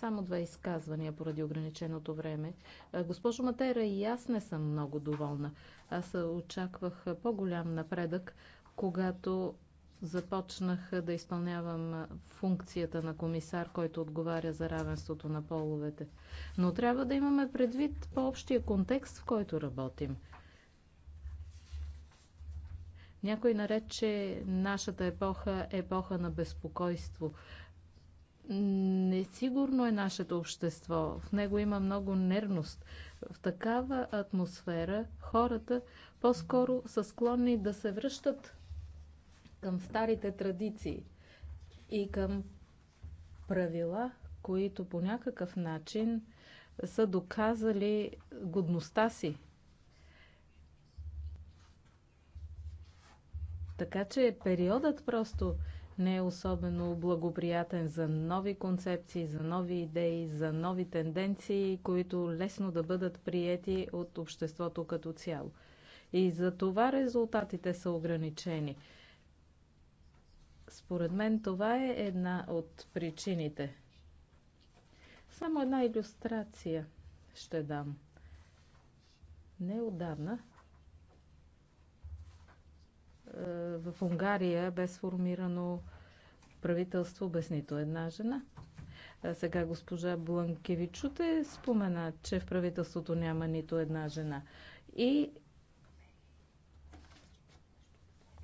Само две изказвания поради ограниченото време. Госпожо Матера, и аз не съм много доволна. Аз очаквах по-голям напредък, когато започнах да изпълнявам функцията на комисар, който отговаря за равенството на половете. Но трябва да имаме предвид по-общия контекст, в който работим. Някой нарече нашата епоха епоха на безпокойство. Несигурно е нашето общество. В него има много нервност. В такава атмосфера хората по-скоро са склонни да се връщат към старите традиции и към правила, които по някакъв начин са доказали годността си. Така че периодът просто не е особено благоприятен за нови концепции, за нови идеи, за нови тенденции, които лесно да бъдат приети от обществото като цяло. И за това резултатите са ограничени. Според мен това е една от причините. Само една иллюстрация ще дам. Неодавна в Унгария бе сформирано правителство без нито една жена. А сега госпожа Бланкевичуте спомена, че в правителството няма нито една жена. И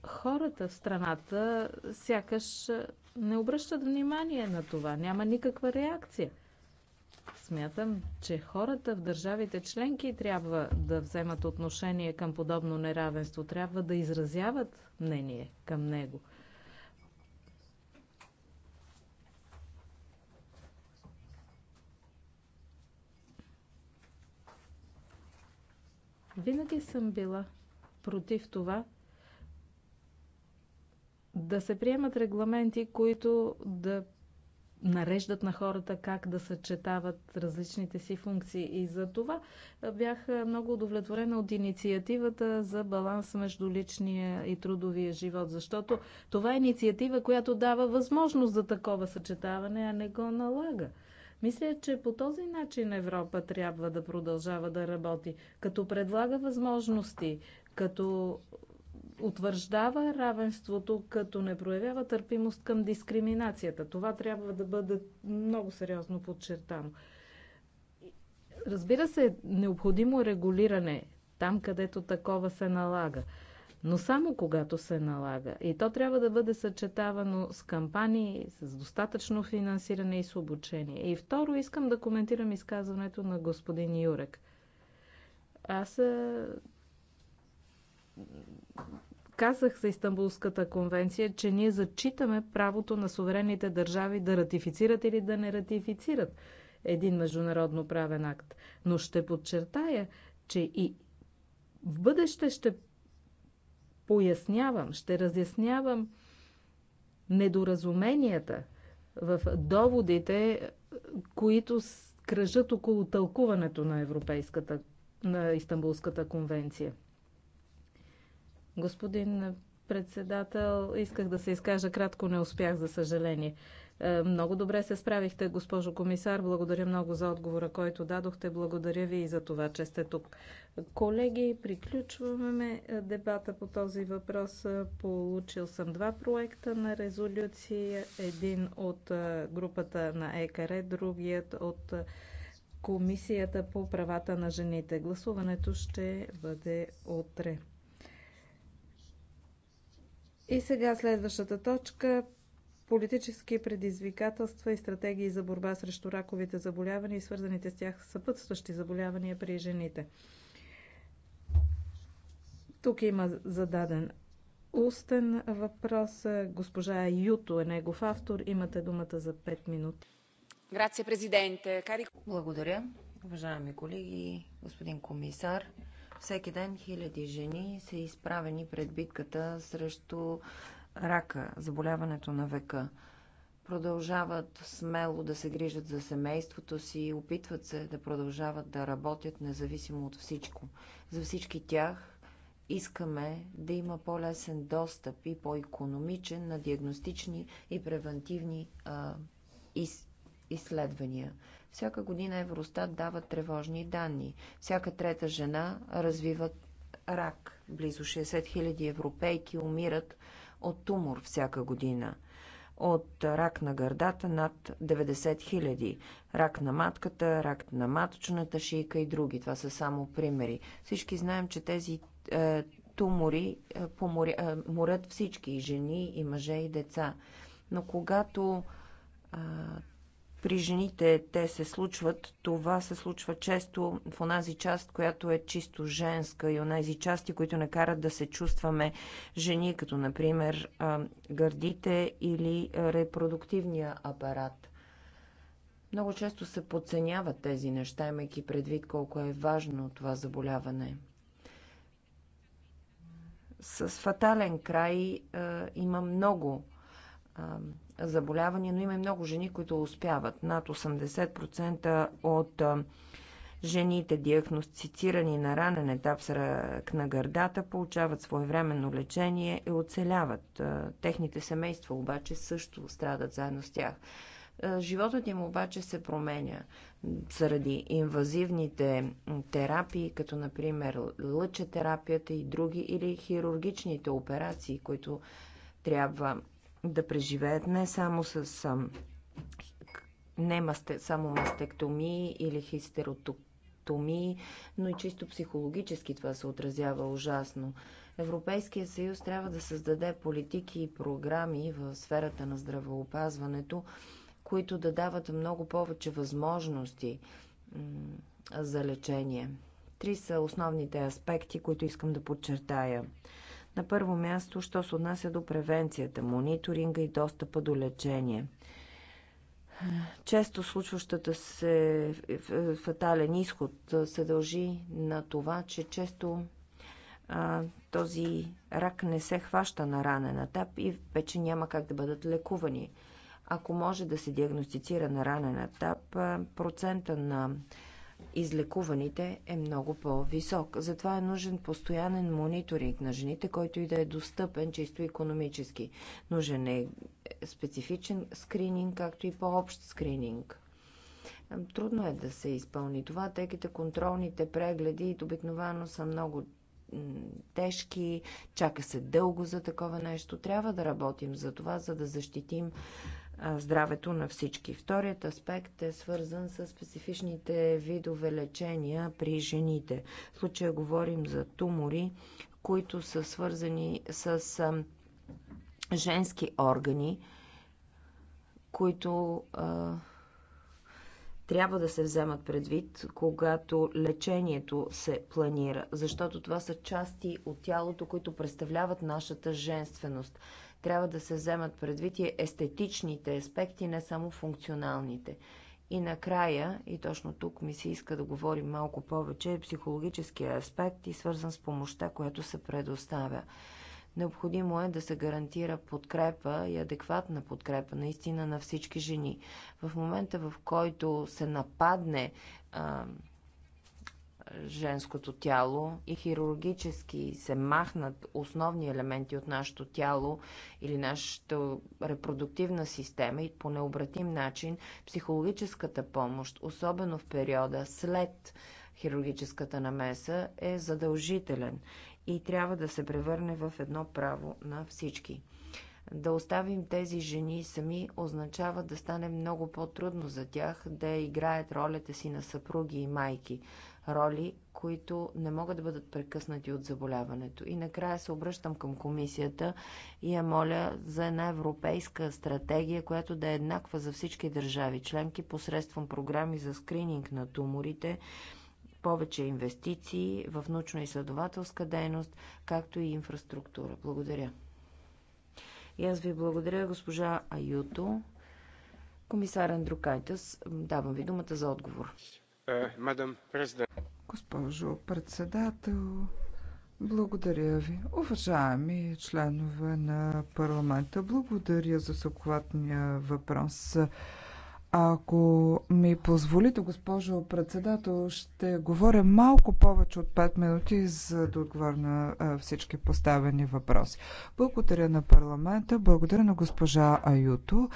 хората в страната сякаш не обръщат внимание на това. Няма никаква реакция. Смятам, че хората в държавите членки трябва да вземат отношение към подобно неравенство, трябва да изразяват мнение към него. Винаги съм била против това да се приемат регламенти, които да нареждат на хората как да съчетават различните си функции. И за това бях много удовлетворена от инициативата за баланс между личния и трудовия живот, защото това е инициатива, която дава възможност за такова съчетаване, а не го налага. Мисля, че по този начин Европа трябва да продължава да работи, като предлага възможности, като утвърждава равенството, като не проявява търпимост към дискриминацията. Това трябва да бъде много сериозно подчертано. Разбира се, необходимо регулиране там, където такова се налага. Но само когато се налага. И то трябва да бъде съчетавано с кампании, с достатъчно финансиране и с обучение. И второ, искам да коментирам изказването на господин Юрек. Аз казах за Истанбулската конвенция, че ние зачитаме правото на суверенните държави да ратифицират или да не ратифицират един международно правен акт. Но ще подчертая, че и в бъдеще ще пояснявам, ще разяснявам недоразуменията в доводите, които кръжат около тълкуването на Европейската, на Истанбулската конвенция – Господин председател, исках да се изкажа кратко, не успях, за съжаление. Е, много добре се справихте, госпожо комисар. Благодаря много за отговора, който дадохте. Благодаря ви и за това, че сте тук. Колеги, приключваме е, дебата по този въпрос. Е, получил съм два проекта на резолюция. Един от групата на ЕКР, другият от Комисията по правата на жените. Гласуването ще бъде утре. И сега следващата точка политически предизвикателства и стратегии за борба срещу раковите заболявания и свързаните с тях съпътстващи заболявания при жените. Тук има зададен устен въпрос. Госпожа Юто е негов автор. Имате думата за 5 минути. президенте. Благодаря. Уважаеми колеги, господин комисар, всеки ден хиляди жени са изправени пред битката срещу рака, заболяването на века. Продължават смело да се грижат за семейството си, и опитват се да продължават да работят независимо от всичко. За всички тях искаме да има по-лесен достъп и по-економичен на диагностични и превентивни а, из, изследвания. Всяка година Евростат дава тревожни данни. Всяка трета жена развива рак. Близо 60 000 европейки умират от тумор всяка година. От рак на гърдата над 90 000. Рак на матката, рак на маточната шийка и други. Това са само примери. Всички знаем, че тези е, тумори е, помори, е, морят всички. И жени, и мъже, и деца. Но когато при жените те се случват, това се случва често в онази част, която е чисто женска и онази части, които не карат да се чувстваме жени, като например гърдите или репродуктивния апарат. Много често се подценяват тези неща, имайки предвид колко е важно това заболяване. С фатален край има много заболявания, но има и много жени, които успяват. Над 80% от жените, диагностицирани на ранен етап с рак на гърдата, получават своевременно лечение и оцеляват. Техните семейства обаче също страдат заедно с тях. Животът им обаче се променя заради инвазивните терапии, като например лъчетерапията и други, или хирургичните операции, които трябва да преживеят не само с не масте, само мастектомии или хистеротомии, но и чисто психологически това се отразява ужасно. Европейския съюз трябва да създаде политики и програми в сферата на здравеопазването, които да дават много повече възможности за лечение. Три са основните аспекти, които искам да подчертая. На първо място, що се отнася до превенцията, мониторинга и достъпа до лечение. Често случващата се фатален изход се дължи на това, че често а, този рак не се хваща на ранен етап и вече няма как да бъдат лекувани. Ако може да се диагностицира на ранен етап, процента на излекуваните е много по-висок. Затова е нужен постоянен мониторинг на жените, който и да е достъпен чисто економически. Нужен е специфичен скрининг, както и по-общ скрининг. Трудно е да се изпълни това, тъй като контролните прегледи обикновено са много тежки, чака се дълго за такова нещо. Трябва да работим за това, за да защитим здравето на всички. Вторият аспект е свързан с специфичните видове лечения при жените. В случая говорим за тумори, които са свързани с женски органи, които трябва да се вземат предвид, когато лечението се планира, защото това са части от тялото, които представляват нашата женственост. Трябва да се вземат предвид и естетичните аспекти, не само функционалните. И накрая, и точно тук ми се иска да говорим малко повече, е психологическия аспект и свързан с помощта, която се предоставя. Необходимо е да се гарантира подкрепа и адекватна подкрепа наистина на всички жени. В момента, в който се нападне а, женското тяло и хирургически се махнат основни елементи от нашето тяло или нашата репродуктивна система и по необратим начин психологическата помощ, особено в периода след хирургическата намеса, е задължителен и трябва да се превърне в едно право на всички. Да оставим тези жени сами означава да стане много по-трудно за тях да играят ролята си на съпруги и майки роли, които не могат да бъдат прекъснати от заболяването. И накрая се обръщам към комисията и я моля за една европейска стратегия, която да е еднаква за всички държави членки посредством програми за скрининг на туморите, повече инвестиции в научно-изследователска дейност, както и инфраструктура. Благодаря. И аз ви благодаря, госпожа Аюто. Комисар Андрюкайтас, давам ви думата за отговор. Е, Госпожо председател, благодаря ви. Уважаеми членове на парламента, благодаря за съхватния въпрос. Ако ми позволите, госпожо председател, ще говоря малко повече от 5 минути, за да отговоря на всички поставени въпроси. Благодаря на парламента, благодаря на госпожа Аюто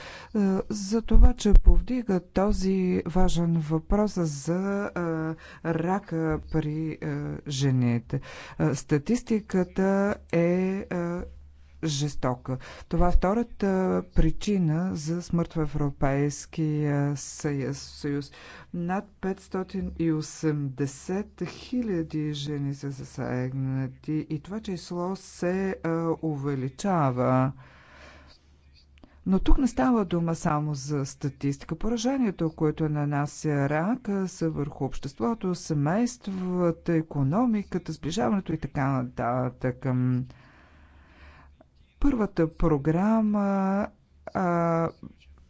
за това, че повдига този важен въпрос за рака при жените. Статистиката е жестока. Това е втората причина за смърт в Европейския съюз. Над 580 хиляди жени са засегнати и това число се увеличава. Но тук не става дума само за статистика. Поражението, което нанася рака, са върху обществото, семействата, економиката, сближаването и така нататък. Към... Първата програма а,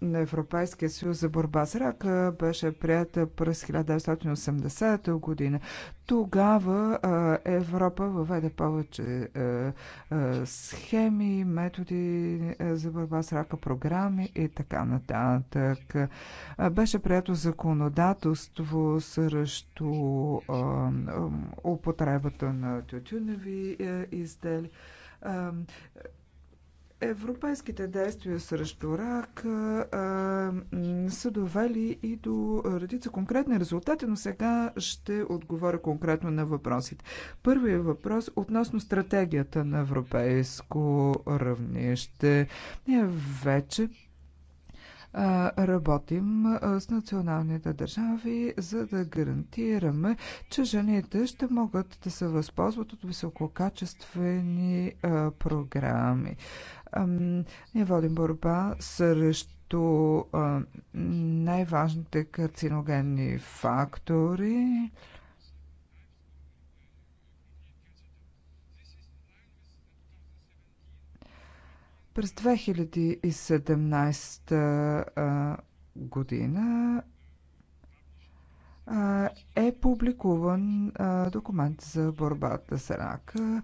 на Европейския съюз за борба с рака беше прията през 1980 година. Тогава а, Европа въведе повече а, а, схеми, методи а, за борба с рака, програми и така нататък. А, беше прието законодателство срещу а, а, употребата на тютюневи изделия Европейските действия срещу рак а, са довели и до редица конкретни резултати, но сега ще отговоря конкретно на въпросите. Първият въпрос относно стратегията на европейско равнище. Ние вече Работим с националните държави, за да гарантираме, че жените ще могат да се възползват от висококачествени програми. Ние водим борба срещу като най-важните карциногенни фактори През 2017 година е публикуван документ за борбата с рака,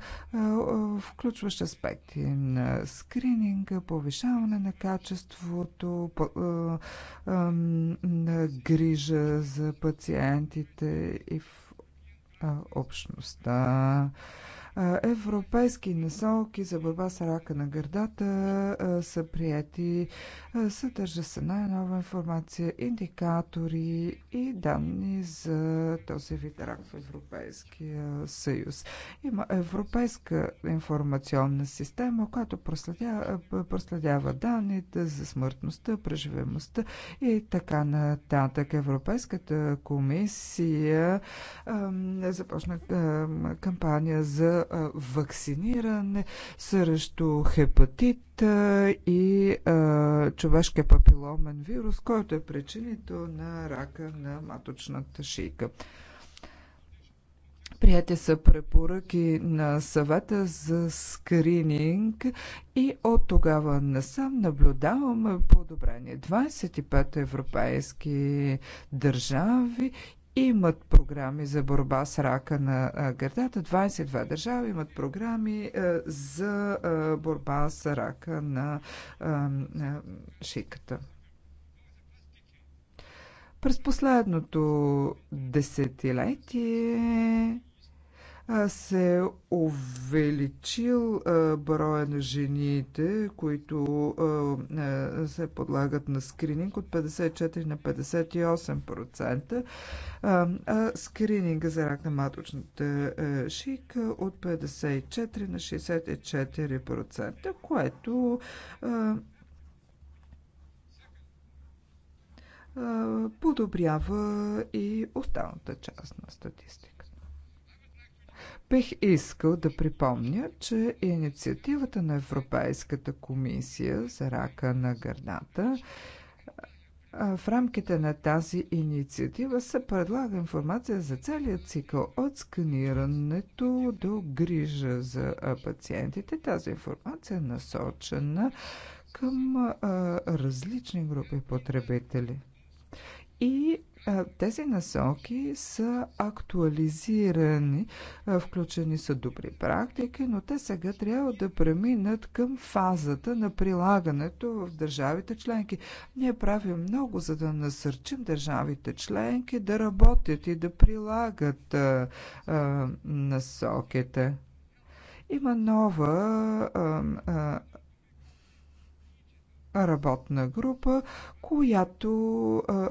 включващ аспекти на скрининга, повишаване на качеството, на грижа за пациентите и в общността. Европейски насоки за борба с рака на гърдата са прияти. Съдържа се най-нова информация, индикатори и данни за този вид рак в Европейския съюз. Има европейска информационна система, която проследява, проследява данните за смъртността, преживемостта и така нататък. Европейската комисия започна кампания за вакциниране срещу хепатит и човешкия папиломен вирус, който е причинител на рака на маточната шийка. Прияти са препоръки на съвета за скрининг и от тогава насам наблюдаваме подобрение. 25 европейски държави имат програми за борба с рака на гърдата. 22 държави имат програми за борба с рака на шиката. През последното десетилетие се увеличил броя на жените, които се подлагат на скрининг от 54 на 58%, а скрининга за рак на маточната шийка от 54 на 64%, което подобрява и останата част на статистика. Бих искал да припомня, че инициативата на Европейската комисия за рака на гърдата в рамките на тази инициатива се предлага информация за целия цикъл от сканирането до грижа за пациентите. Тази информация е насочена към а, различни групи потребители. И тези насоки са актуализирани, включени са добри практики, но те сега трябва да преминат към фазата на прилагането в държавите членки. Ние правим много, за да насърчим държавите членки да работят и да прилагат а, а, насоките. Има нова а, а, работна група, която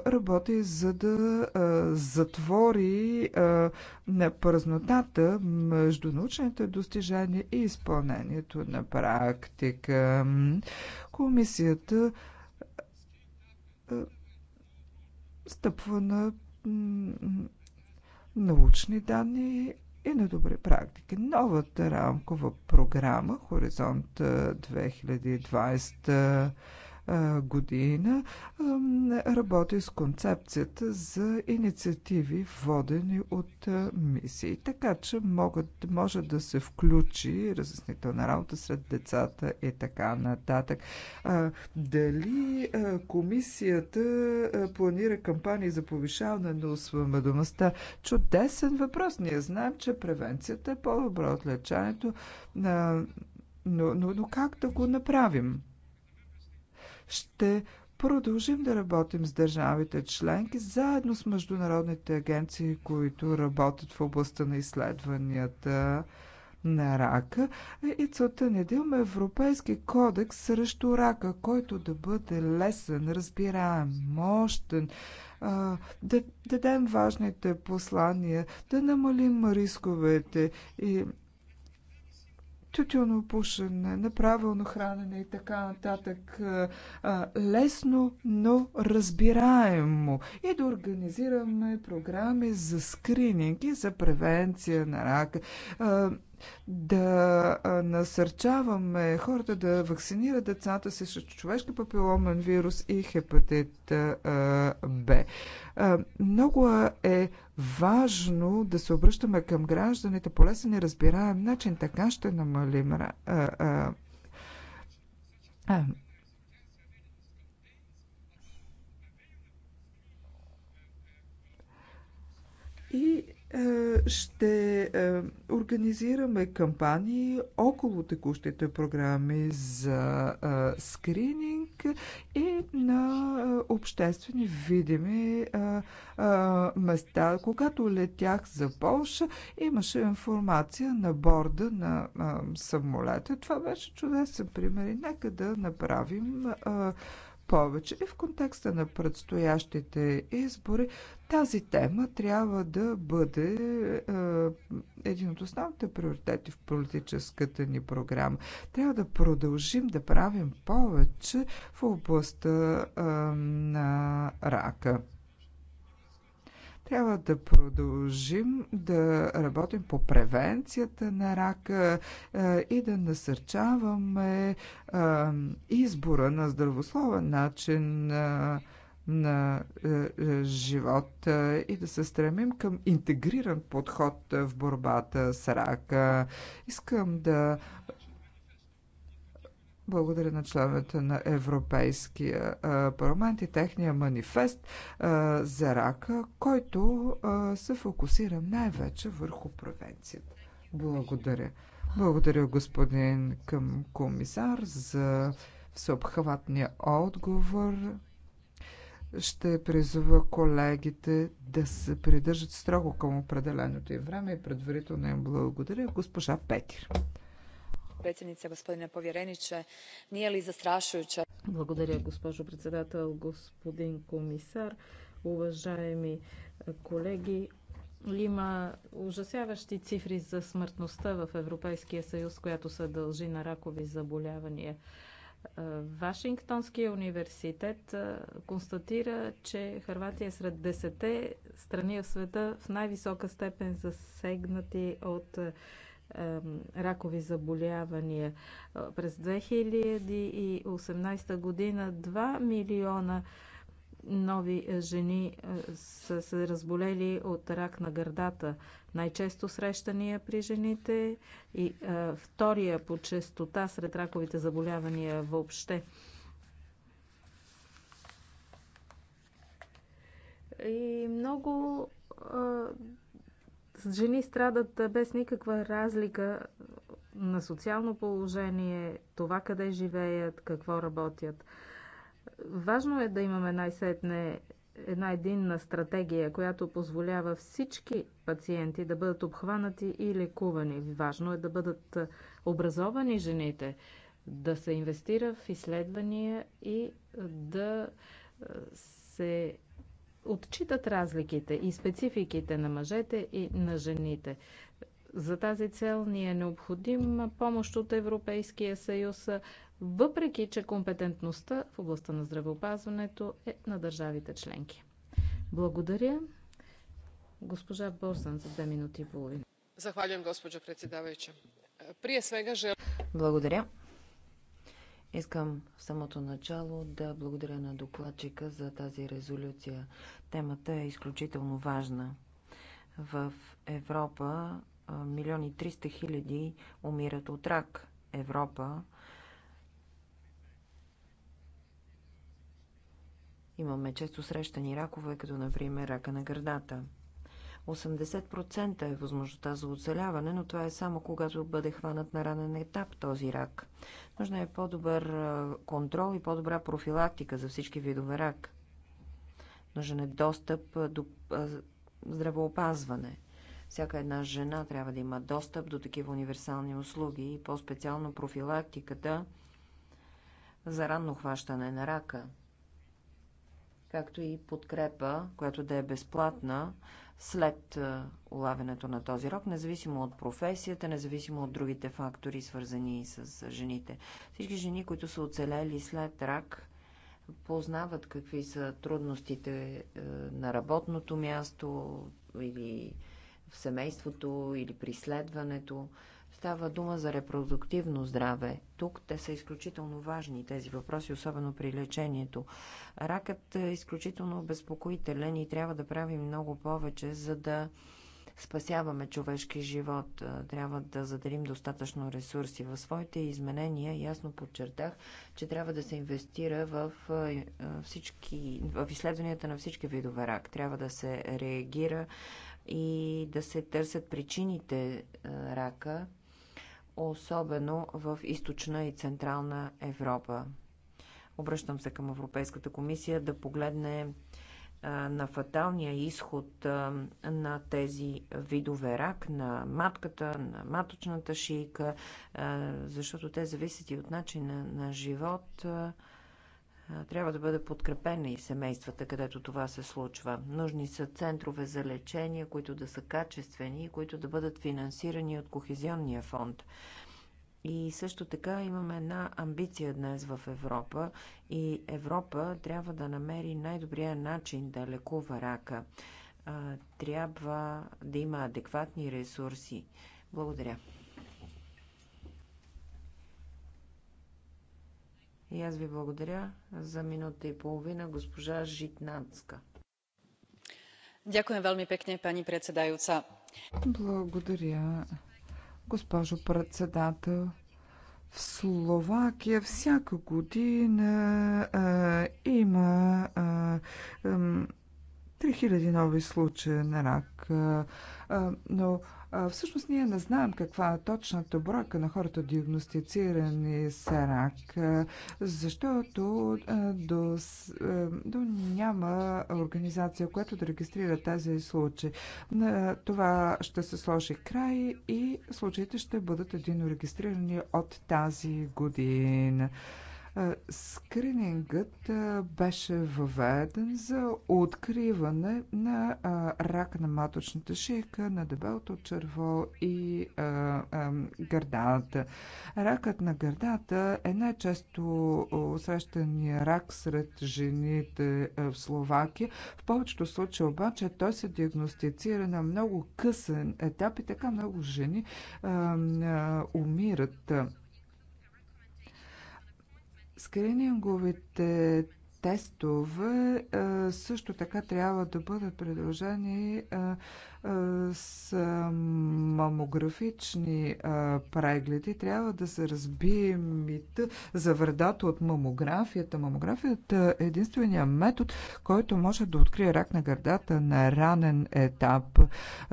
работи за да затвори на празнотата между научните достижения и изпълнението на практика. Комисията стъпва на научни данни и на добри практики. Новата рамкова програма Хоризонт 2020 година работи с концепцията за инициативи водени от мисии. Така че могат, може да се включи разяснителна работа сред децата и така нататък. Дали комисията планира кампании за повишаване на осведомеността? Чудесен въпрос. Ние знаем, че превенцията е по-добра от лечението, но, но, но как да го направим? Ще продължим да работим с държавите членки, заедно с международните агенции, които работят в областта на изследванията на рака. И целта ни е да имаме Европейски кодекс срещу рака, който да бъде лесен, разбираем, мощен, да дадем важните послания, да намалим рисковете и тютюнопушене, неправилно хранене и така нататък. Лесно, но разбираемо. И да организираме програми за скрининг и за превенция на рака. Да насърчаваме хората да вакцинират децата си срещу човешки папиломен вирус и хепатит Б. Много е важно да се обръщаме към гражданите по лесен и разбираем начин. Така ще намалим а, а, а, и а, ще а, организираме кампании около текущите програми за а, скрининг и на обществени видими а, а, места. Когато летях за Полша, имаше информация на борда на а, самолета. Това беше чудесен пример и нека да направим а, повече. И в контекста на предстоящите избори тази тема трябва да бъде е, един от основните приоритети в политическата ни програма. Трябва да продължим да правим повече в областта е, на рака. Трябва да продължим да работим по превенцията на рака е, и да насърчаваме е, избора на здравословен начин е, на живот и да се стремим към интегриран подход в борбата с рака. Искам да благодаря на членовете на Европейския парламент и техния манифест за рака, който се фокусира най-вече върху превенцията. Благодаря. Благодаря, господин към комисар, за всеобхватния отговор. Ще призова колегите да се придържат строго към определеното им време и предварително им благодаря госпожа Петир predsjednice gospodine povjerenie nije li zastrašujuća. Благодаря, госпожо председател, господин комисар, уважаеми колеги. Има ужасяващи цифри за смъртността в Европейския съюз, която се дължи на ракови заболявания. Вашингтонския университет констатира, че Харватия е сред десете страни в света в най-висока степен засегнати от ракови заболявания. През 2018 година 2 милиона нови жени са се разболели от рак на гърдата. Най-често срещания при жените и втория по честота сред раковите заболявания въобще. И много Жени страдат без никаква разлика на социално положение, това къде живеят, какво работят. Важно е да имаме най-сетне една единна стратегия, която позволява всички пациенти да бъдат обхванати и лекувани. Важно е да бъдат образовани жените, да се инвестира в изследвания и да се отчитат разликите и спецификите на мъжете и на жените. За тази цел ни е необходима помощ от Европейския съюз, въпреки че компетентността в областта на здравеопазването е на държавите членки. Благодаря. Госпожа Борсан за две минути и половина. Захвалям, госпожо председавајућа. Прие свега Благодаря. Искам в самото начало да благодаря на докладчика за тази резолюция. Темата е изключително важна. В Европа милиони 300 хиляди умират от рак. Европа имаме често срещани ракове, като например рака на гърдата – 80% е възможността за оцеляване, но това е само когато бъде хванат на ранен етап този рак. Нужна е по-добър контрол и по-добра профилактика за всички видове рак. Нужен е достъп до здравоопазване. Всяка една жена трябва да има достъп до такива универсални услуги и по-специално профилактиката за ранно хващане на рака, както и подкрепа, която да е безплатна след е, улавянето на този рок, независимо от професията, независимо от другите фактори, свързани с е, жените. Всички жени, които са оцелели след рак, познават какви са трудностите е, на работното място или в семейството или приследването. Става дума за репродуктивно здраве. Тук те са изключително важни, тези въпроси, особено при лечението. Ракът е изключително обезпокоителен и трябва да правим много повече, за да спасяваме човешки живот. Трябва да заделим достатъчно ресурси. В своите изменения ясно подчертах, че трябва да се инвестира в, всички, в изследванията на всички видове рак. Трябва да се реагира и да се търсят причините рака особено в източна и централна Европа. Обръщам се към Европейската комисия да погледне на фаталния изход на тези видове рак, на матката, на маточната шийка, защото те зависят и от начина на живот, трябва да бъде подкрепена и семействата, където това се случва. Нужни са центрове за лечение, които да са качествени и които да бъдат финансирани от Кохезионния фонд. И също така имаме една амбиция днес в Европа и Европа трябва да намери най-добрия начин да лекува рака. Трябва да има адекватни ресурси. Благодаря. И аз ви благодаря за минута и половина, госпожа Житнанска. Дякуем велми пекне, пани predsedajúca. Благодаря, госпожо председател. В Словакия всяка година а, има а, а, 3000 нови случая на рак. А, а, но Всъщност ние не знаем каква е точната бройка на хората диагностицирани с рак, защото до, до няма организация, която да регистрира тези случаи. На това ще се сложи край и случаите ще бъдат единорегистрирани регистрирани от тази година. Скринингът беше въведен за откриване на рак на маточната шийка, на дебелото черво и гърдата. Ракът на гърдата е най-често срещания рак сред жените в Словакия. В повечето случаи обаче той се диагностицира на много късен етап и така много жени умират Скрининговите тестове също така трябва да бъдат предложени с мамографични прегледи. Трябва да се разбие мита за вредата от мамографията. Мамографията е единствения метод, който може да открие рак на гърдата на ранен етап.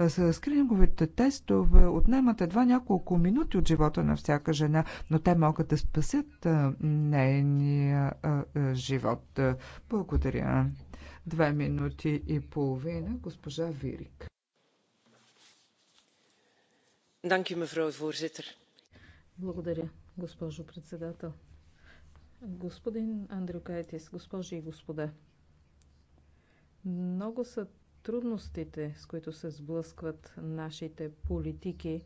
С скрининговите тестове отнемат едва няколко минути от живота на всяка жена, но те могат да спасят нейния живот. Благодаря. Две минути и половина, госпожа Вирик. Благодаря, госпожо председател. Господин Андрюкайтис, госпожи и господа, много са трудностите, с които се сблъскват нашите политики,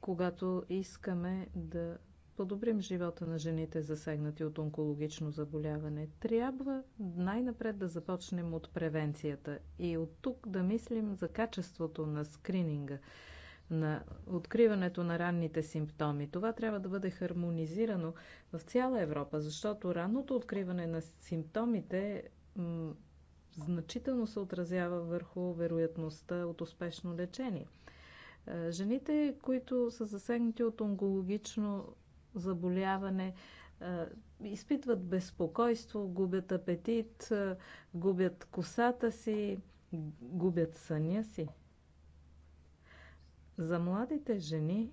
когато искаме да подобрим живота на жените, засегнати от онкологично заболяване. Трябва най-напред да започнем от превенцията и от тук да мислим за качеството на скрининга – на откриването на ранните симптоми. Това трябва да бъде хармонизирано в цяла Европа, защото ранното откриване на симптомите значително се отразява върху вероятността от успешно лечение. Е, жените, които са засегнати от онкологично заболяване, е, изпитват безпокойство, губят апетит, е, губят косата си, губят съня си. За младите жени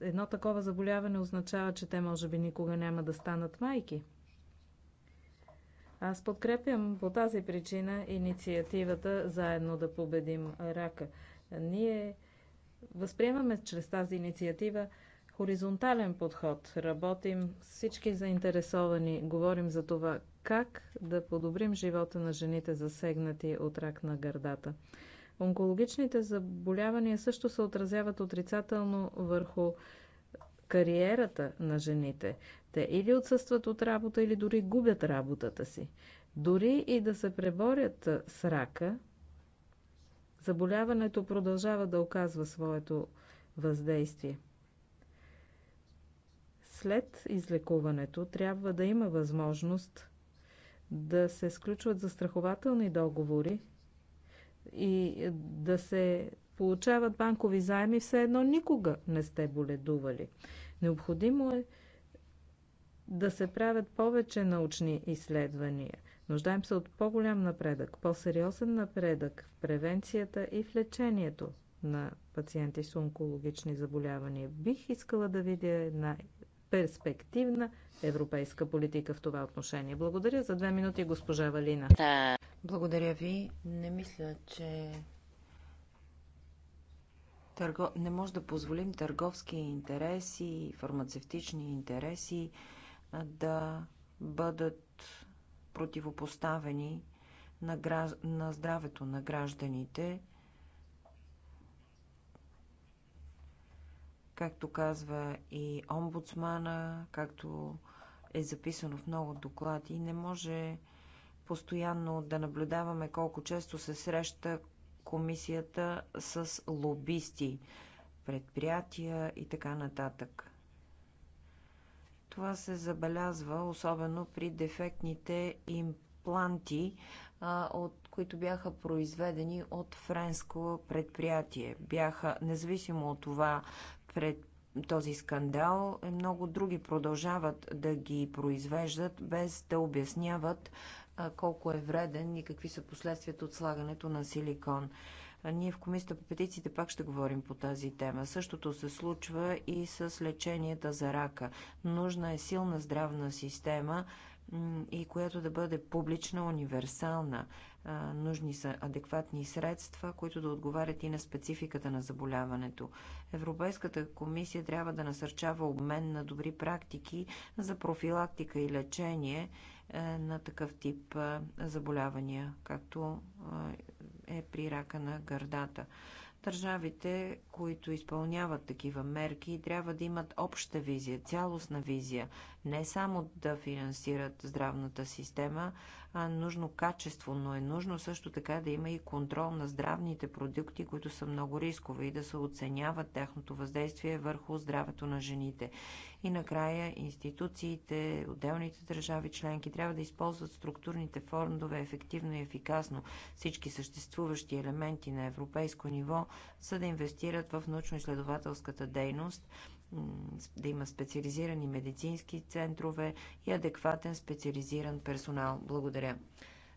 едно такова заболяване означава, че те може би никога няма да станат майки. Аз подкрепям по тази причина инициативата Заедно да победим рака. Ние възприемаме чрез тази инициатива хоризонтален подход. Работим с всички заинтересовани, говорим за това как да подобрим живота на жените засегнати от рак на гърдата. Онкологичните заболявания също се отразяват отрицателно върху кариерата на жените. Те или отсъстват от работа, или дори губят работата си. Дори и да се преборят с рака, заболяването продължава да оказва своето въздействие. След излекуването трябва да има възможност да се сключват застрахователни договори и да се получават банкови заеми, все едно никога не сте боледували. Необходимо е да се правят повече научни изследвания. Нуждаем се от по-голям напредък, по-сериозен напредък в превенцията и в лечението на пациенти с онкологични заболявания. Бих искала да видя една перспективна европейска политика в това отношение. Благодаря за две минути, госпожа Валина. Благодаря ви. Не мисля, че Търго... не може да позволим търговски интереси, фармацевтични интереси да бъдат противопоставени на, гра... на здравето на гражданите Както казва и омбудсмана, както е записано в много доклади, не може постоянно да наблюдаваме колко често се среща комисията с лобисти, предприятия и така нататък. Това се забелязва особено при дефектните импланти, а, от които бяха произведени от френско предприятие. Бяха, независимо от това пред този скандал, е много други продължават да ги произвеждат, без да обясняват колко е вреден и какви са последствията от слагането на силикон. Ние в Комисията по петициите пак ще говорим по тази тема. Същото се случва и с леченията за рака. Нужна е силна здравна система, и която да бъде публична, универсална. Нужни са адекватни средства, които да отговарят и на спецификата на заболяването. Европейската комисия трябва да насърчава обмен на добри практики за профилактика и лечение е, на такъв тип заболявания, както е при рака на гърдата. Държавите, които изпълняват такива мерки, трябва да имат обща визия, цялостна визия, не само да финансират здравната система, нужно качество, но е нужно също така да има и контрол на здравните продукти, които са много рискови и да се оценяват тяхното въздействие върху здравето на жените. И накрая институциите, отделните държави членки трябва да използват структурните фондове ефективно и ефикасно всички съществуващи елементи на европейско ниво, за да инвестират в научно-изследователската дейност да има специализирани медицински центрове и адекватен специализиран персонал. Благодаря.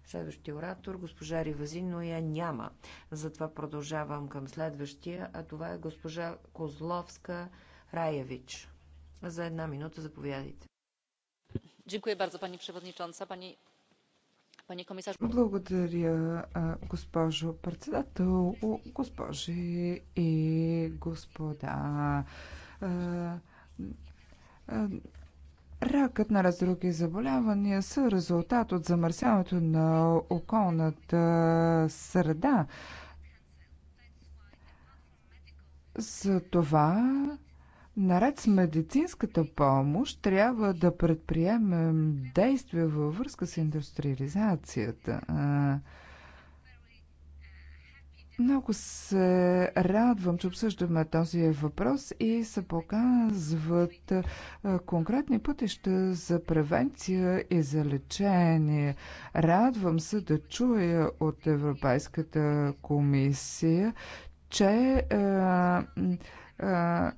Следващия оратор, госпожа Ривазин, но я няма. Затова продължавам към следващия, а това е госпожа Козловска Раевич. За една минута заповядайте. Благодаря, госпожо председател, госпожи и господа. Ракът на раздруги заболявания са резултат от замърсяването на околната среда. За това, наред с медицинската помощ, трябва да предприемем действия във връзка с индустриализацията. Много се радвам, че обсъждаме този въпрос и се показват конкретни пътища за превенция и за лечение. Радвам се да чуя от Европейската комисия, че а, а,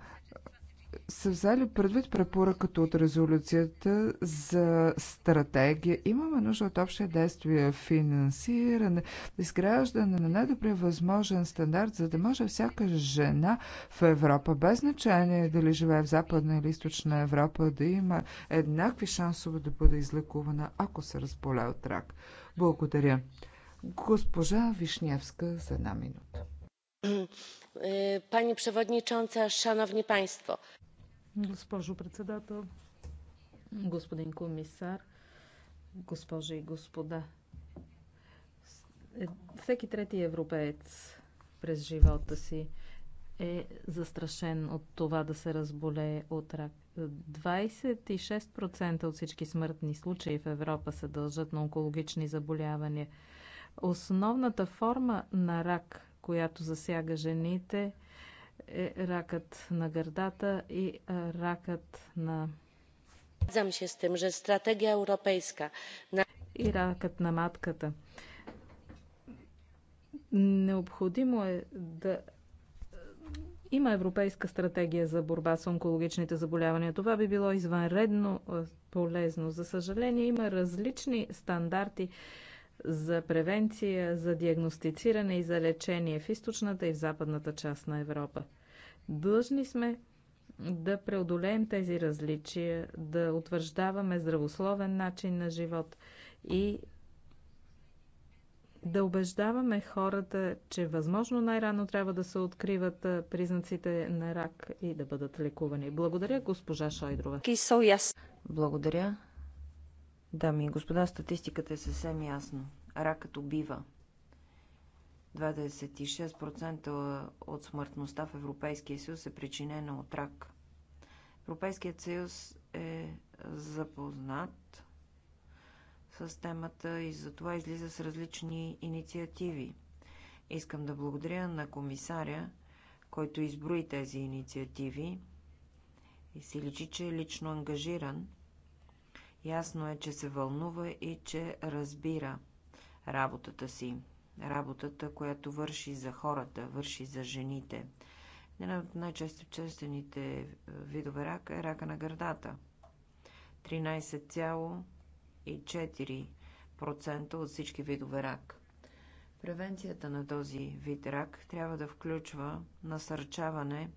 са взели предвид препоръката от резолюцията за стратегия. Имаме нужда от общи действия, финансиране, изграждане на най-добри възможен стандарт, за да може всяка жена в Европа, без значение дали живее в Западна или Източна Европа, да има еднакви шансове да бъде излекувана, ако се разболее от рак. Благодаря. Госпожа Вишневска за една минута pani przewodnicząca! szanowni państwo! Госпожо председател, господин комисар, госпожи и господа. Е, всеки трети европеец през живота си е застрашен от това да се разболее от рак. 26% от всички смъртни случаи в Европа се дължат на онкологични заболявания. Основната форма на рак, която засяга жените, е ракът на гърдата и ракът на Zgadzam се с тем, че стратегия европейска. и ракът на матката. Необходимо е да има европейска стратегия за борба с онкологичните заболявания. Това би било извънредно полезно. За съжаление, има различни стандарти за превенция, за диагностициране и за лечение в източната и в западната част на Европа. Длъжни сме да преодолеем тези различия, да утвърждаваме здравословен начин на живот и да убеждаваме хората, че възможно най-рано трябва да се откриват признаците на рак и да бъдат лекувани. Благодаря, госпожа Шойдрова. Благодаря. Дами и господа, статистиката е съвсем ясна. Ракът убива. 26% от смъртността в Европейския съюз е причинена от рак. Европейският съюз е запознат с темата и затова излиза с различни инициативи. Искам да благодаря на комисаря, който изброи тези инициативи и си личи, че е лично ангажиран Ясно е, че се вълнува и че разбира работата си. Работата, която върши за хората, върши за жените. Една от най-често честените е, видове рак е рака на гърдата. 13,4% от всички видове рак. Превенцията на този вид рак трябва да включва насърчаване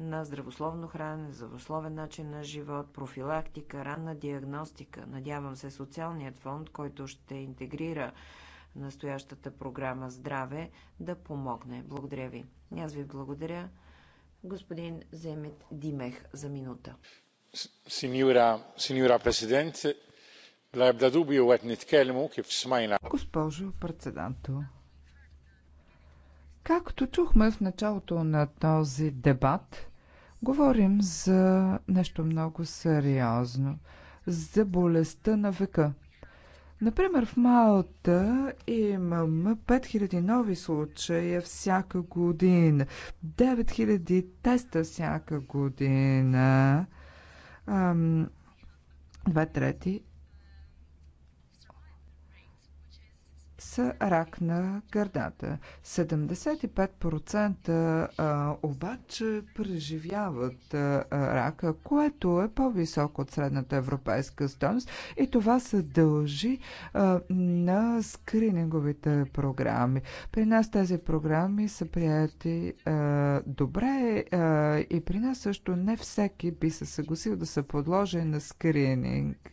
на здравословно хранене, здравословен начин на живот, профилактика, ранна диагностика. Надявам се социалният фонд, който ще интегрира настоящата програма Здраве, да помогне. Благодаря ви. Аз ви благодаря. Господин Земет Димех за минута. Синьора, синьора президент, Госпожо председател, както чухме в началото на този дебат, Говорим за нещо много сериозно, за болестта на века. Например, в Малта имаме 5000 нови случая всяка година, 9000 теста всяка година, две трети са рак на гърдата. 75% обаче преживяват рака, което е по-високо от средната европейска стойност и това се дължи на скрининговите програми. При нас тези програми са прияти добре и при нас също не всеки би се съгласил да се подложи на скрининг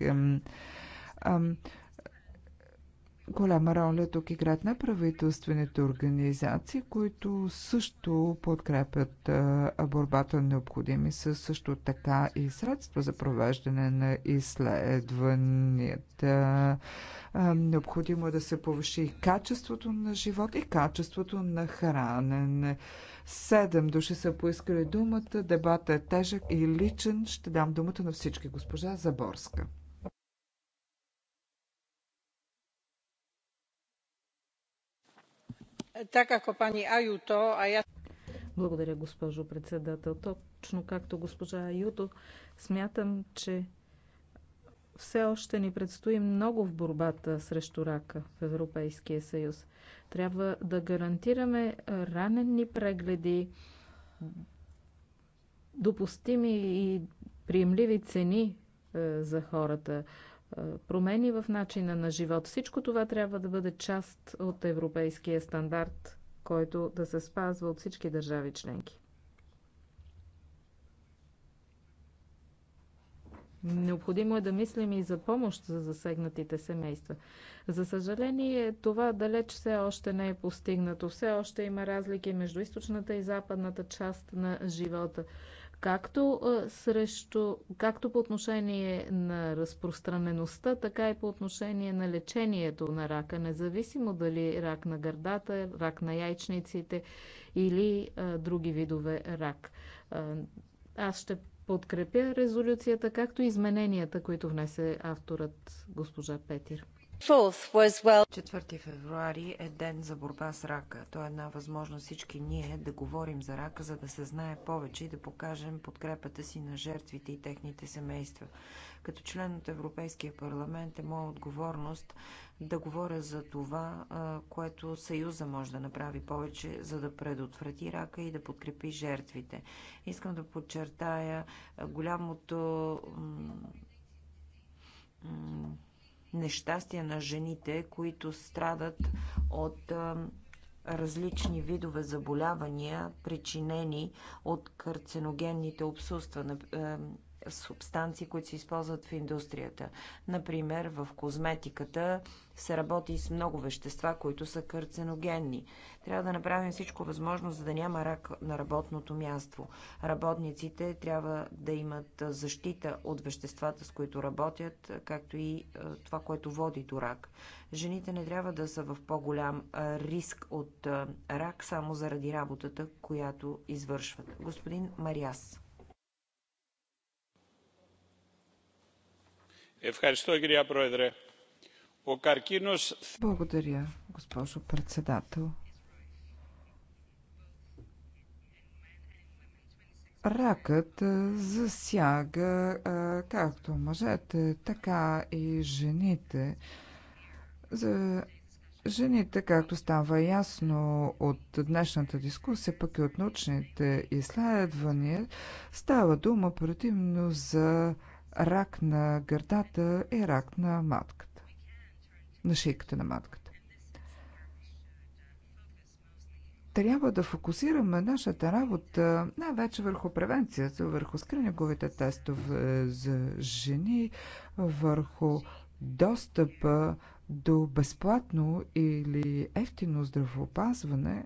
Голяма роля тук играят неправителствените организации, които също подкрепят борбата необходими са също така и средства за провеждане на изследванията. Необходимо е да се повиши качеството на живот и качеството на хранене. Седем души са поискали думата. Дебатът е тежък и личен. Ще дам думата на всички. Госпожа Заборска. Так, ако пани Аюто, а я... Благодаря, госпожо председател. Точно както госпожа Аюто, смятам, че все още ни предстои много в борбата срещу рака в Европейския съюз. Трябва да гарантираме раненни прегледи, допустими и приемливи цени е, за хората промени в начина на живот. Всичко това трябва да бъде част от европейския стандарт, който да се спазва от всички държави членки. Необходимо е да мислим и за помощ за засегнатите семейства. За съжаление, това далеч все още не е постигнато. Все още има разлики между източната и западната част на живота както, срещу, както по отношение на разпространеността, така и по отношение на лечението на рака, независимо дали рак на гърдата, рак на яйчниците или а, други видове рак. А, аз ще подкрепя резолюцията, както и измененията, които внесе авторът госпожа Петир. 4 февруари е ден за борба с рака. Той е една възможност всички ние да говорим за рака, за да се знае повече и да покажем подкрепата си на жертвите и техните семейства. Като член от Европейския парламент е моя отговорност да говоря за това, което Съюза може да направи повече, за да предотврати рака и да подкрепи жертвите. Искам да подчертая голямото нещастия на жените, които страдат от различни видове заболявания, причинени от карциногенните обсуства, субстанции, които се използват в индустрията. Например, в козметиката се работи с много вещества, които са карциногенни. Трябва да направим всичко възможно, за да няма рак на работното място. Работниците трябва да имат защита от веществата, с които работят, както и е, това, което води до рак. Жените не трябва да са в по-голям е, риск от е, рак само заради работата, която извършват. Господин Мариас. Благодаря, госпожо председател. Ракът засяга както мъжете, така и жените. За жените, както става ясно от днешната дискусия, пък и от научните изследвания, става дума предимно за рак на гърдата е рак на матката, на шийката на матката. Трябва да фокусираме нашата работа най-вече върху превенцията, върху скрининговите тестове за жени, върху достъпа до безплатно или ефтино здравеопазване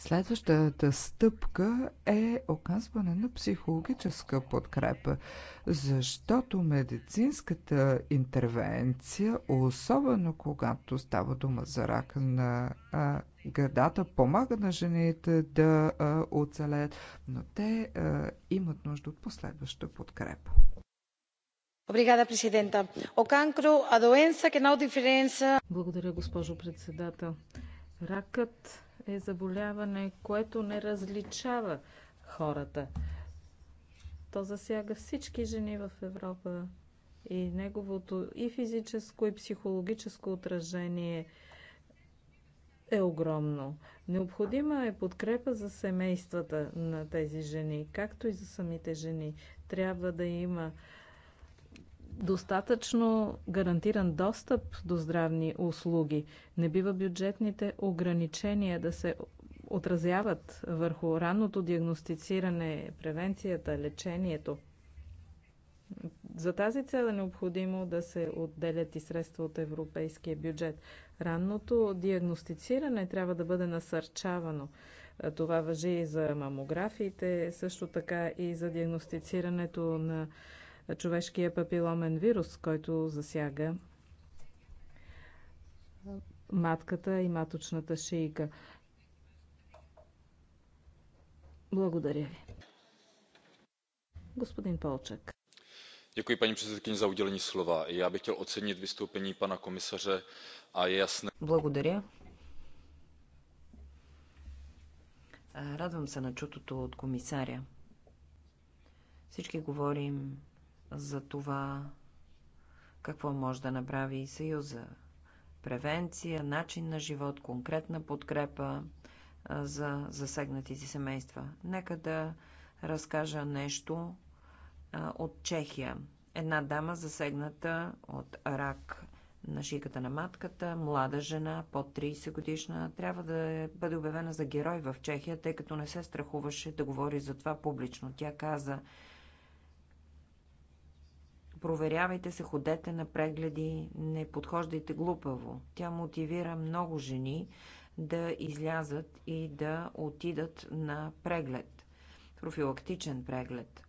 Следващата стъпка е оказване на психологическа подкрепа, защото медицинската интервенция, особено когато става дума за рак на а, гърдата, помага на жените да а, оцелеят, но те а, имат нужда от последваща подкрепа. Благодаря, госпожо председател. Ракът е заболяване, което не различава хората. То засяга всички жени в Европа и неговото и физическо, и психологическо отражение е огромно. Необходима е подкрепа за семействата на тези жени, както и за самите жени. Трябва да има достатъчно гарантиран достъп до здравни услуги. Не бива бюджетните ограничения да се отразяват върху ранното диагностициране, превенцията, лечението. За тази цел е необходимо да се отделят и средства от европейския бюджет. Ранното диагностициране трябва да бъде насърчавано. Това въжи и за мамографиите, също така и за диагностицирането на човешкия папиломен вирус, който засяга матката и маточната шийка. Благодаря ви. Господин Полчак. Děkuji paní předsedkyni za udělení slova. Já bych chtěl ocenit vystoupení pana komisaře a je jasné... Благодаря. Радвам се на чутото от комисаря. Всички говорим за това какво може да направи и Съюза. Превенция, начин на живот, конкретна подкрепа за засегнатите семейства. Нека да разкажа нещо от Чехия. Една дама засегната от рак на шийката на матката, млада жена, под 30 годишна, трябва да е, бъде обявена за герой в Чехия, тъй като не се страхуваше да говори за това публично. Тя каза, Проверявайте се, ходете на прегледи, не подхождайте глупаво. Тя мотивира много жени да излязат и да отидат на преглед, профилактичен преглед.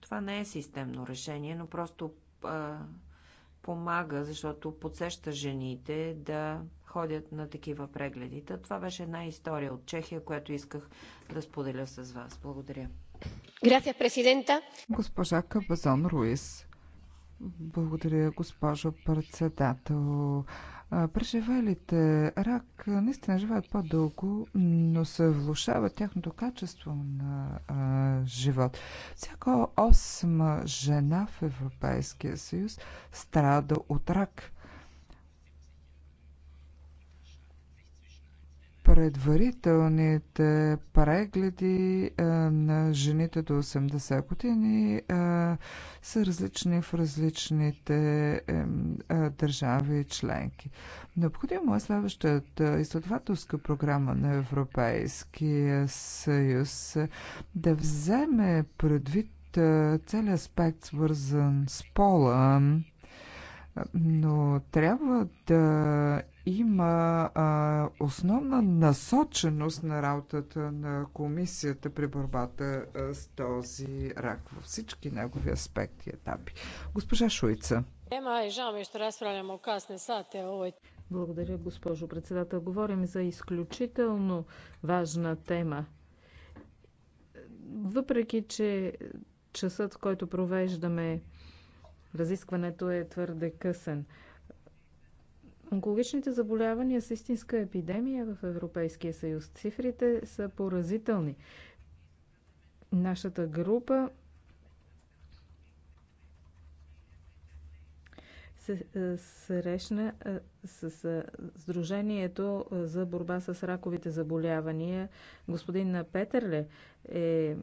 Това не е системно решение, но просто а, помага, защото подсеща жените да ходят на такива прегледи. Това беше една история от Чехия, която исках да споделя с вас. Благодаря. Gracias, Госпожа Кабазон Руис. Благодаря, госпожо председател. Преживелите рак наистина живеят по-дълго, но се влушава тяхното качество на а, живот. Всяка осма жена в Европейския съюз страда от рак. предварителните прегледи на жените до 80 години са различни в различните държави и членки. Необходимо е следващата изследователска програма на Европейския съюз да вземе предвид целият аспект, свързан с пола но трябва да има а, основна насоченост на работата на комисията при борбата с този рак във всички негови аспекти и етапи. Госпожа Шуица. Е, Благодаря, госпожо председател. Говорим за изключително важна тема. Въпреки, че часът, който провеждаме Разискването е твърде късен. Онкологичните заболявания са истинска епидемия в Европейския съюз. Цифрите са поразителни. Нашата група се е, срещна е, с е, Сдружението за борба с раковите заболявания. Господин Петърле е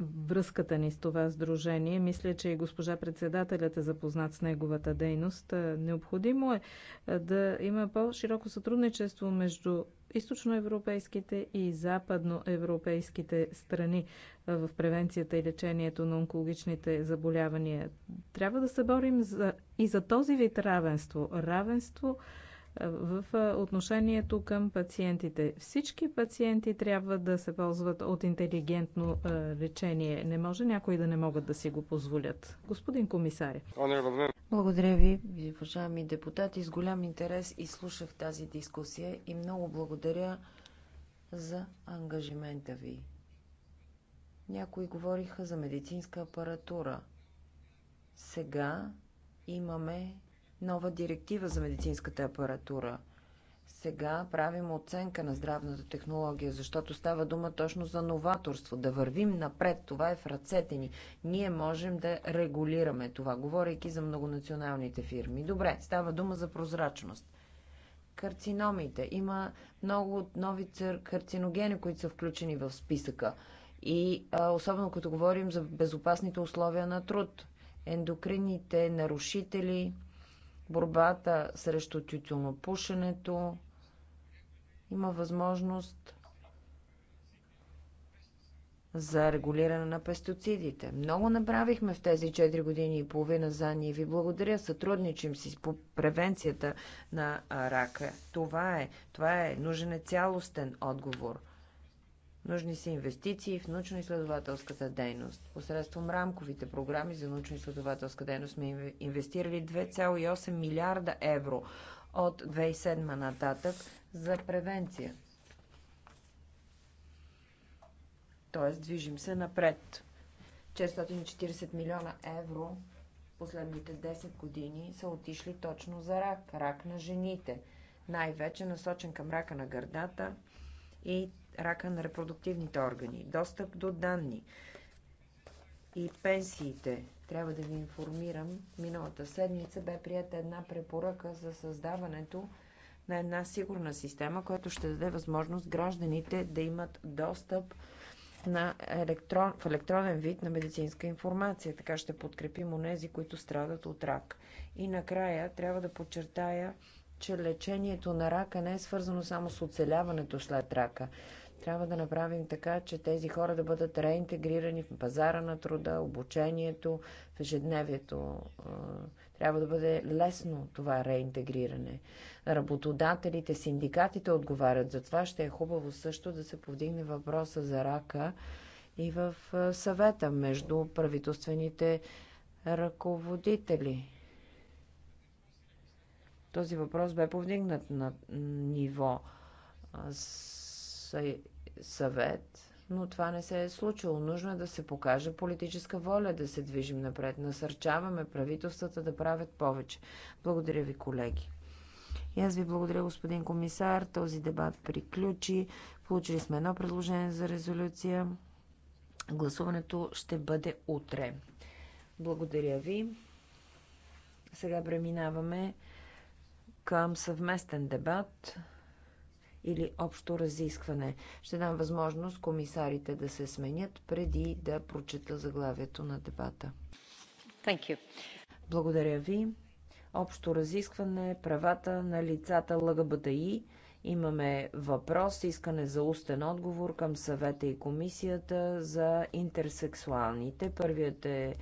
връзката ни с това сдружение. Мисля, че и госпожа председателят е запознат с неговата дейност. Е, необходимо е, е да има по-широко сътрудничество между източноевропейските и западноевропейските страни е, в превенцията и лечението на онкологичните заболявания. Трябва да се борим за, и за този вид равенство. Равенство – в отношението към пациентите. Всички пациенти трябва да се ползват от интелигентно лечение. Не може някои да не могат да си го позволят. Господин комисаря. Благодаря ви, уважаеми депутати. С голям интерес изслушах тази дискусия и много благодаря за ангажимента ви. Някои говориха за медицинска апаратура. Сега имаме нова директива за медицинската апаратура. Сега правим оценка на здравната технология, защото става дума точно за новаторство. Да вървим напред, това е в ръцете ни. Ние можем да регулираме това, говорейки за многонационалните фирми. Добре, става дума за прозрачност карциномите. Има много нови карциногени, които са включени в списъка. И а, особено като говорим за безопасните условия на труд, ендокрините нарушители, борбата срещу тютюнопушенето. Има възможност за регулиране на пестицидите. Много направихме в тези 4 години и половина за ние. Ви благодаря. Сътрудничим си по превенцията на рака. Това е. Това е. Нужен е цялостен отговор. Нужни са инвестиции в научно-изследователската дейност. Посредством рамковите програми за научно-изследователска дейност сме инвестирали 2,8 милиарда евро от 2007 нататък за превенция. Тоест, движим се напред. 440 милиона евро последните 10 години са отишли точно за рак. Рак на жените. Най-вече насочен към рака на гърдата и рака на репродуктивните органи, достъп до данни и пенсиите. Трябва да ви информирам, миналата седмица бе прията една препоръка за създаването на една сигурна система, която ще даде възможност гражданите да имат достъп на електрон, в електронен вид на медицинска информация. Така ще подкрепим онези, които страдат от рак. И накрая трябва да подчертая, че лечението на рака не е свързано само с оцеляването след рака. Трябва да направим така, че тези хора да бъдат реинтегрирани в пазара на труда, обучението, в ежедневието. Трябва да бъде лесно това реинтегриране. Работодателите, синдикатите отговарят за това. Ще е хубаво също да се повдигне въпроса за рака и в съвета между правителствените ръководители. Този въпрос бе повдигнат на ниво съвет, но това не се е случило. Нужно е да се покаже политическа воля, да се движим напред. Насърчаваме правителствата да правят повече. Благодаря ви, колеги. И аз ви благодаря, господин комисар. Този дебат приключи. Получили сме едно предложение за резолюция. Гласуването ще бъде утре. Благодаря ви. Сега преминаваме към съвместен дебат или общо разискване. Ще дам възможност комисарите да се сменят преди да прочета заглавието на дебата. Thank you. Благодаря ви. Общо разискване правата на лицата ЛГБТИ. Имаме въпрос, искане за устен отговор към съвета и комисията за интерсексуалните. Първият е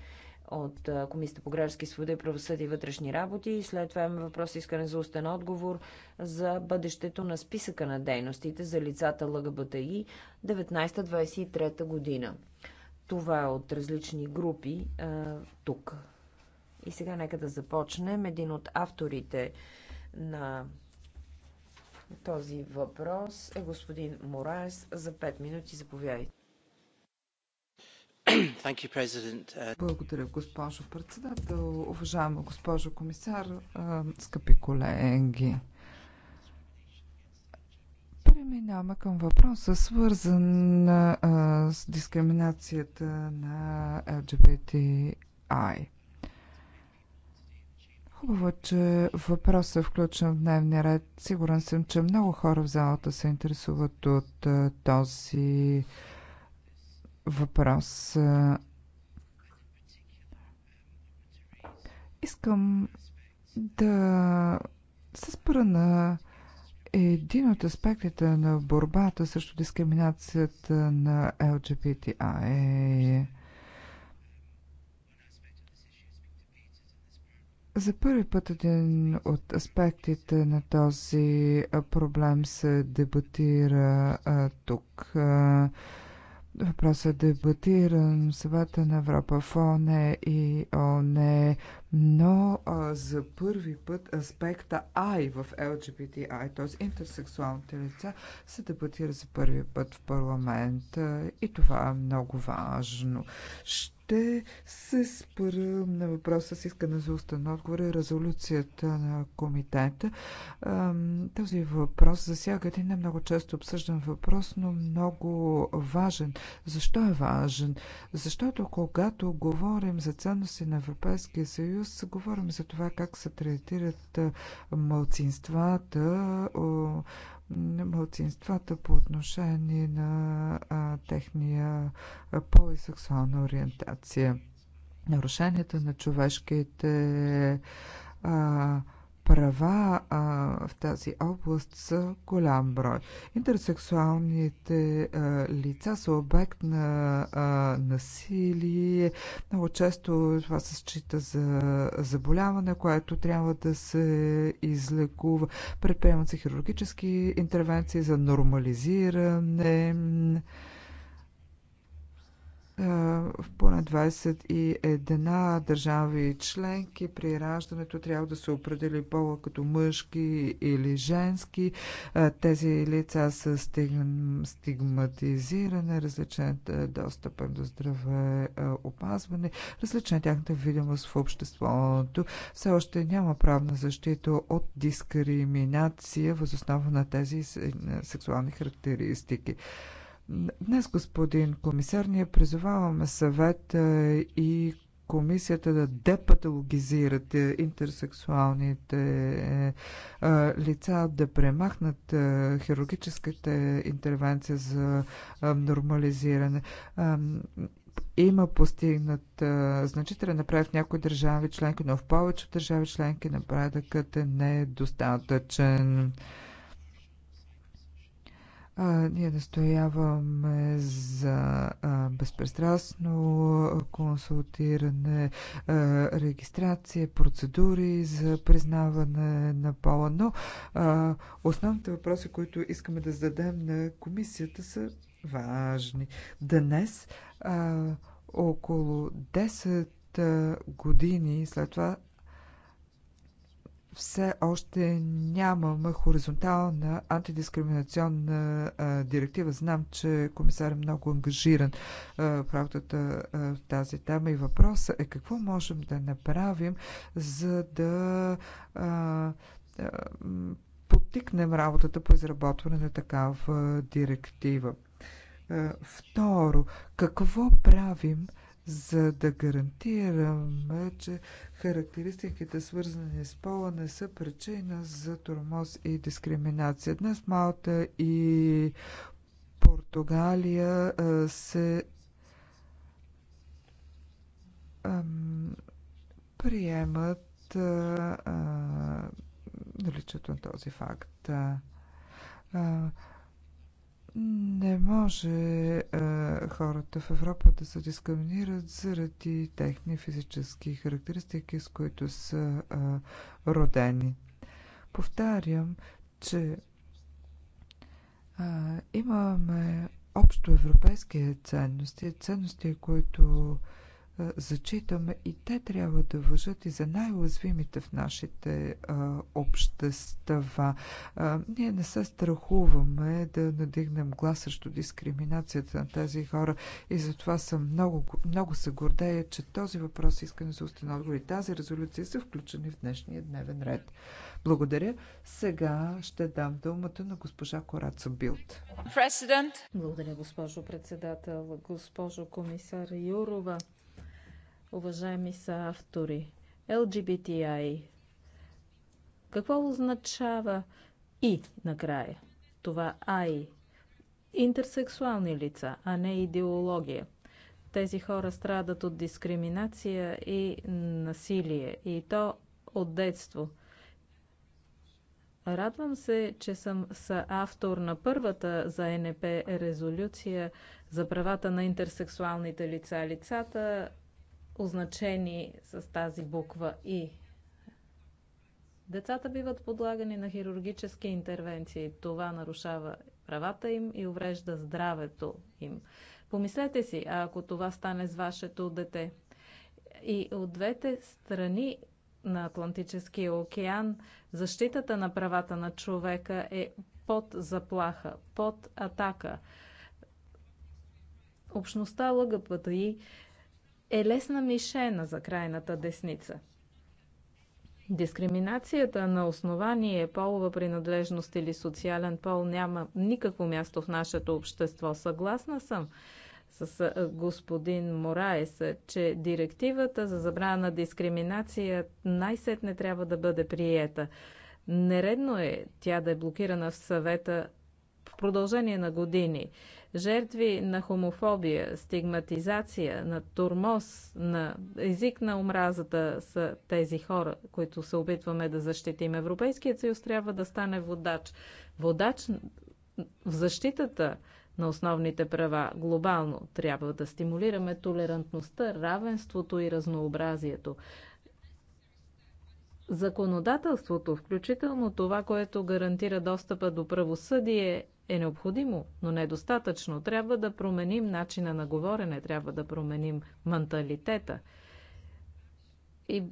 от Комисията по граждански свободи, правосъди и вътрешни работи. И след това имаме въпрос искане за устен отговор за бъдещето на списъка на дейностите за лицата ЛГБТИ 19-23 година. Това е от различни групи а, тук. И сега нека да започнем. Един от авторите на този въпрос е господин Морайс. За 5 минути заповядайте. Uh, Благодаря, госпожо председател. Уважаема госпожо комисар, скъпи колеги. Преминаваме към въпроса, свързан а, с дискриминацията на LGBTI. Хубаво, е, че въпросът е включен в дневния ред. Сигурен съм, че много хора в залата се интересуват от а, този въпрос. Искам да се спра на един от аспектите на борбата срещу дискриминацията на LGBTI. Е. За първи път един от аспектите на този проблем се дебатира а, тук. А, Въпросът е дебатиран в съвета на Европа в ОНЕ и ОНЕ, но а, за първи път аспекта I в LGBTI, т.е. интерсексуалните лица, се дебатира за първи път в парламент и това е много важно. Ще ще се спра на въпроса с искане за устен отговор и резолюцията на комитета. Този въпрос засяга един не много често обсъждан въпрос, но много важен. Защо е важен? Защото когато говорим за ценности на Европейския съюз, говорим за това как се третират малцинствата, мълцинствата по отношение на а, техния пол и сексуална ориентация. Нарушенията на човешките а, права а, в тази област са голям брой. Интерсексуалните а, лица са обект на а, насилие. Много често това се счита за заболяване, което трябва да се излекува. Предприемат се хирургически интервенции за нормализиране е, в поне 21 държави членки при раждането трябва да се определи пола като мъжки или женски. Е, тези лица са стигматизирани, различен е достъп до здраве опазване, различна тяхната видимост в обществото. Все още няма правна защита от дискриминация възоснова на тези сексуални характеристики. Днес, господин комисар, ние призоваваме съвета и комисията да депатологизират интерсексуалните лица, да премахнат хирургическата интервенция за нормализиране. Има постигнат значителен напредък в някои държави членки, но в повече държави членки напредъкът е недостатъчен. А, ние настояваме за а, безпристрастно консултиране, а, регистрация, процедури за признаване на пола, но а, основните въпроси, които искаме да зададем на комисията са важни. Днес а, около 10 години след това все още нямаме хоризонтална антидискриминационна а, директива. Знам, че комисар е много ангажиран а, в работата в тази тема и въпросът е какво можем да направим, за да а, а, потикнем работата по изработване на такава директива. А, второ, какво правим? за да гарантираме, че характеристиките свързани с пола не са причина за тормоз и дискриминация. Днес Малта и Португалия се приемат наличието на този факт. Не може е, хората в Европа да се дискриминират заради техни физически характеристики, с които са е, родени. Повтарям, че е, имаме общо европейски ценности, ценности, които е, зачитаме и те трябва да въжат и за най-уязвимите в нашите а, общества. А, ние не се страхуваме да надигнем глас срещу дискриминацията на тези хора и затова съм много, много се гордея, че този въпрос искане за устен отговор и тази резолюция са включени в днешния дневен ред. Благодаря. Сега ще дам думата на госпожа Кораца Билт. President. Благодаря, госпожо председател, госпожо комисар Юрова уважаеми са автори. LGBTI. Какво означава и накрая? Това ай. Интерсексуални лица, а не идеология. Тези хора страдат от дискриминация и насилие. И то от детство. Радвам се, че съм автор на първата за НП резолюция за правата на интерсексуалните лица. Лицата означени с тази буква И. Децата биват подлагани на хирургически интервенции. Това нарушава правата им и уврежда здравето им. Помислете си, ако това стане с вашето дете. И от двете страни на Атлантическия океан защитата на правата на човека е под заплаха, под атака. Общността ЛГБТИ е лесна мишена за крайната десница. Дискриминацията на основание полова принадлежност или социален пол няма никакво място в нашето общество. Съгласна съм с господин Мораес, че директивата за забрана на дискриминация най-сетне трябва да бъде приета. Нередно е тя да е блокирана в съвета в продължение на години жертви на хомофобия, стигматизация, на турмоз, на език на омразата са тези хора, които се опитваме да защитим. Европейският съюз трябва да стане водач. Водач в защитата на основните права глобално трябва да стимулираме толерантността, равенството и разнообразието. Законодателството, включително това, което гарантира достъпа до правосъдие, е необходимо, но недостатъчно. Трябва да променим начина на говорене, трябва да променим менталитета и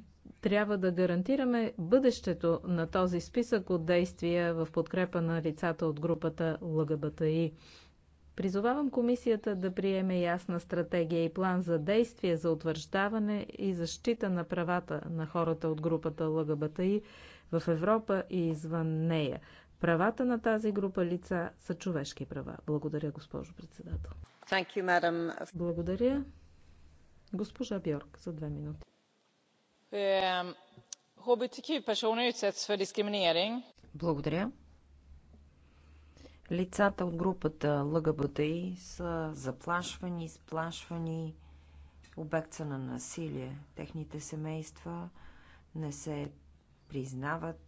трябва да гарантираме бъдещето на този списък от действия в подкрепа на лицата от групата ЛГБТИ. Призовавам комисията да приеме ясна стратегия и план за действие за утвърждаване и защита на правата на хората от групата ЛГБТИ в Европа и извън нея. Правата на тази група лица са човешки права. Благодаря, госпожо председател. Thank you, madam. Благодаря. Госпожа Бьорк за две минути. Е, Благодаря. Лицата от групата ЛГБТИ са заплашвани, сплашвани, обекца на насилие. Техните семейства не се признават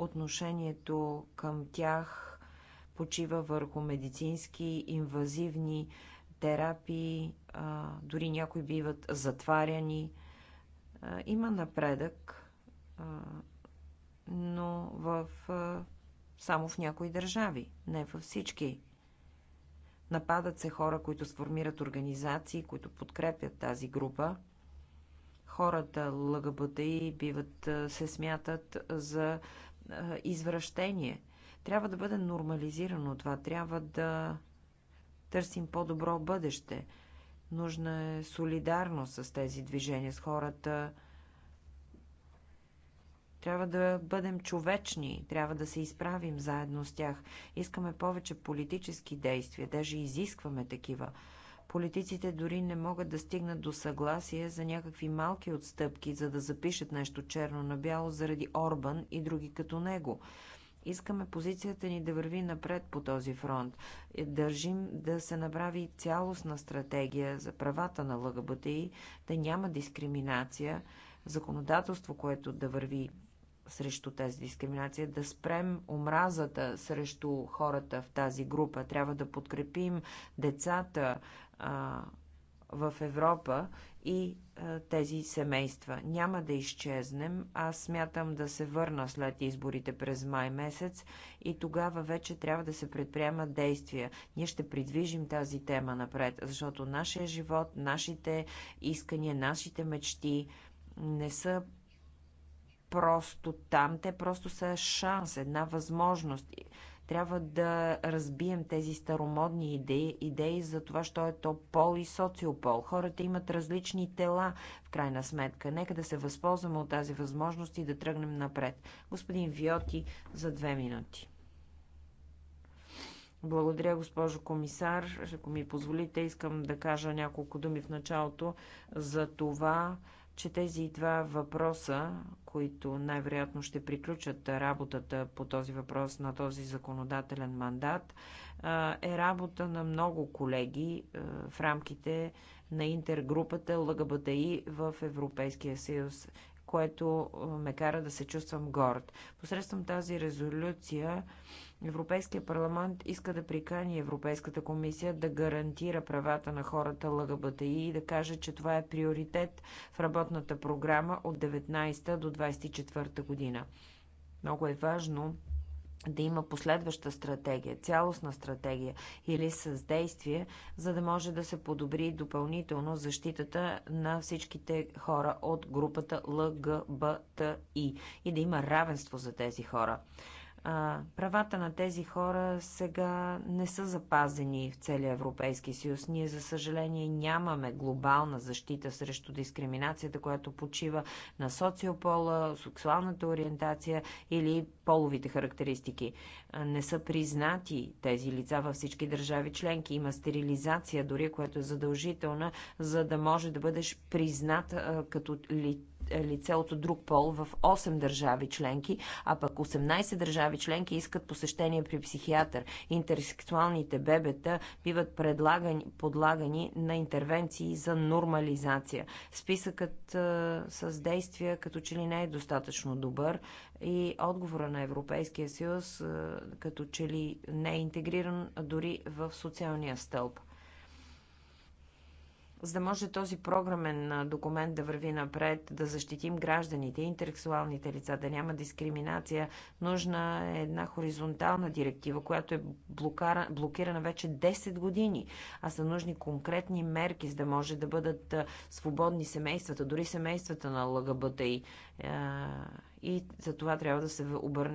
отношението към тях почива върху медицински, инвазивни терапии, дори някои биват затваряни. Има напредък, но в, само в някои държави, не във всички. Нападат се хора, които сформират организации, които подкрепят тази група. Хората ЛГБТИ биват, се смятат за е, извращение. Трябва да бъде нормализирано това. Трябва да търсим по-добро бъдеще. Нужна е солидарност с тези движения, с хората. Трябва да бъдем човечни, трябва да се изправим заедно с тях. Искаме повече политически действия, даже изискваме такива. Политиците дори не могат да стигнат до съгласие за някакви малки отстъпки, за да запишат нещо черно на бяло заради Орбан и други като него. Искаме позицията ни да върви напред по този фронт. Е, държим да се направи цялостна стратегия за правата на ЛГБТИ, да няма дискриминация, законодателство, което да върви срещу тази дискриминация, да спрем омразата срещу хората в тази група. Трябва да подкрепим децата, а, в Европа и а, тези семейства. Няма да изчезнем. Аз смятам да се върна след изборите през май месец и тогава вече трябва да се предприемат действия. Ние ще придвижим тази тема напред, защото нашия живот, нашите искания, нашите мечти не са просто там. Те просто са шанс, една възможност. Трябва да разбием тези старомодни идеи, идеи за това, що е то пол и социопол. Хората имат различни тела, в крайна сметка. Нека да се възползваме от тази възможност и да тръгнем напред. Господин Виоти, за две минути. Благодаря, госпожо комисар. Ако ми позволите, искам да кажа няколко думи в началото за това, че тези два въпроса, които най-вероятно ще приключат работата по този въпрос на този законодателен мандат, е работа на много колеги в рамките на интергрупата ЛГБТИ в Европейския съюз което ме кара да се чувствам горд. Посредством тази резолюция Европейския парламент иска да прикани Европейската комисия да гарантира правата на хората ЛГБТИ и да каже, че това е приоритет в работната програма от 19 до 24 година. Много е важно да има последваща стратегия, цялостна стратегия или с действие, за да може да се подобри допълнително защитата на всичките хора от групата ЛГБТИ и да има равенство за тези хора. А, правата на тези хора сега не са запазени в целия Европейски съюз. Ние, за съжаление, нямаме глобална защита срещу дискриминацията, която почива на социопола, сексуалната ориентация или половите характеристики. Не са признати тези лица във всички държави членки. Има стерилизация дори, която е задължителна, за да може да бъдеш признат а, като лице лице от друг пол в 8 държави членки, а пък 18 държави членки искат посещение при психиатър. Интерсексуалните бебета биват предлагани, подлагани на интервенции за нормализация. Списъкът а, с действия като че ли не е достатъчно добър и отговора на Европейския съюз а, като че ли не е интегриран дори в социалния стълб за да може този програмен документ да върви напред, да защитим гражданите, интелектуалните лица, да няма дискриминация, нужна е една хоризонтална директива, която е блокара, блокирана вече 10 години, а са нужни конкретни мерки, за да може да бъдат свободни семействата, дори семействата на ЛГБТИ. И за това трябва да се обърнем